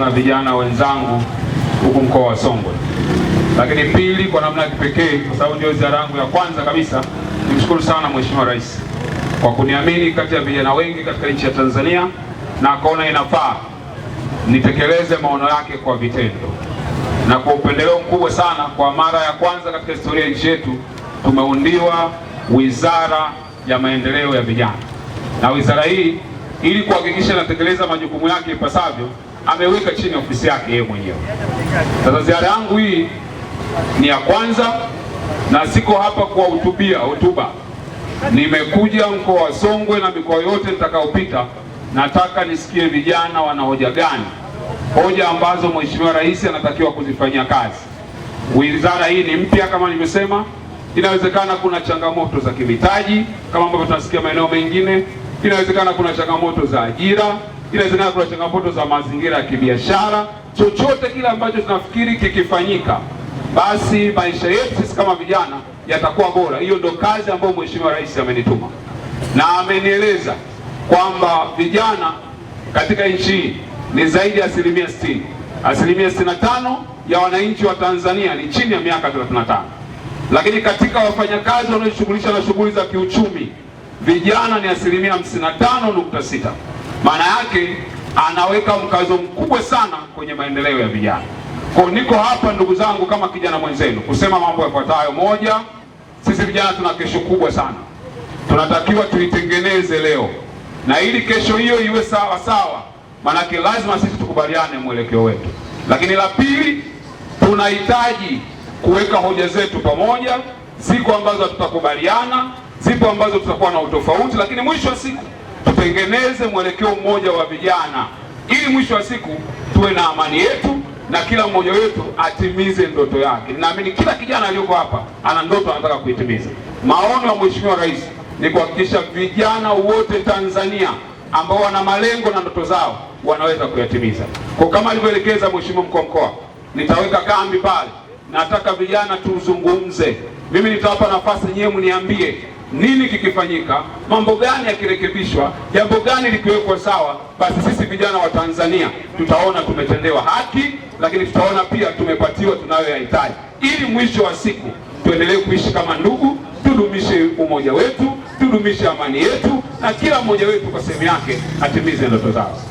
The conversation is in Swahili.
na vijana wenzangu huku mkoa wa Songwe, lakini pili, kwa namna ya kipekee, kwa sababu ndio ziara yangu ya kwanza kabisa, nimshukuru sana Mheshimiwa Rais kwa kuniamini kati ya vijana wengi katika nchi ya Tanzania na akaona inafaa nitekeleze maono yake kwa vitendo na kwa upendeleo mkubwa sana. Kwa mara ya kwanza katika historia ya nchi yetu tumeundiwa wizara ya maendeleo ya vijana, na wizara hii ili kuhakikisha inatekeleza majukumu yake ipasavyo ameweka chini ofisi yake yeye mwenyewe. Sasa ziara yangu hii ni ya kwanza, na siko hapa kuwahutubia hotuba. Nimekuja mkoa wa Songwe na mikoa yote nitakayopita, nataka nisikie vijana wana hoja gani, hoja ambazo mheshimiwa rais anatakiwa kuzifanyia kazi. Wizara hii ni mpya kama nilivyosema, inawezekana kuna changamoto za kimitaji kama ambavyo tunasikia maeneo mengine, inawezekana kuna changamoto za ajira Inawezekana kuna changamoto za mazingira ya kibiashara. Chochote kile ambacho tunafikiri kikifanyika, basi maisha yetu sisi kama vijana yatakuwa bora. Hiyo ndo kazi ambayo Mheshimiwa Rais amenituma na amenieleza kwamba vijana katika nchi hii ni zaidi ya asilimia 60. Asilimia 65 ya wananchi wa Tanzania ni chini ya miaka 35, lakini katika wafanyakazi wanaojishughulisha na shughuli za kiuchumi vijana ni asilimia 55.6. Maana yake anaweka mkazo mkubwa sana kwenye maendeleo ya vijana. Kwa niko hapa ndugu zangu, kama kijana mwenzenu kusema mambo yafuatayo. Moja, sisi vijana tuna kesho kubwa sana, tunatakiwa tuitengeneze leo na ili kesho hiyo iwe sawa sawa, maanake lazima sisi tukubaliane mwelekeo wetu. Lakini la pili, tunahitaji kuweka hoja zetu pamoja. Siku ambazo tutakubaliana, siku ambazo tutakuwa na utofauti, lakini mwisho wa siku tutengeneze mwelekeo mmoja wa vijana, ili mwisho wa siku tuwe na amani yetu na kila mmoja wetu atimize ndoto yake. Naamini kila kijana aliyoko hapa ana ndoto anataka kuitimiza. Maono ya Mheshimiwa Rais ni kuhakikisha vijana wote Tanzania ambao wana malengo na ndoto zao wanaweza kuyatimiza. Kwa kama alivyoelekeza Mheshimiwa mkuu wa mkoa, nitaweka kambi pale, nataka vijana tuzungumze. Mimi nitawapa nafasi, nyewe mniambie nini kikifanyika, mambo gani yakirekebishwa, jambo gani likiwekwa sawa, basi sisi vijana wa Tanzania tutaona tumetendewa haki, lakini tutaona pia tumepatiwa tunayoyahitaji, ili mwisho wa siku tuendelee kuishi kama ndugu, tudumishe umoja wetu, tudumishe amani yetu, na kila mmoja wetu kwa sehemu yake atimize ndoto zao.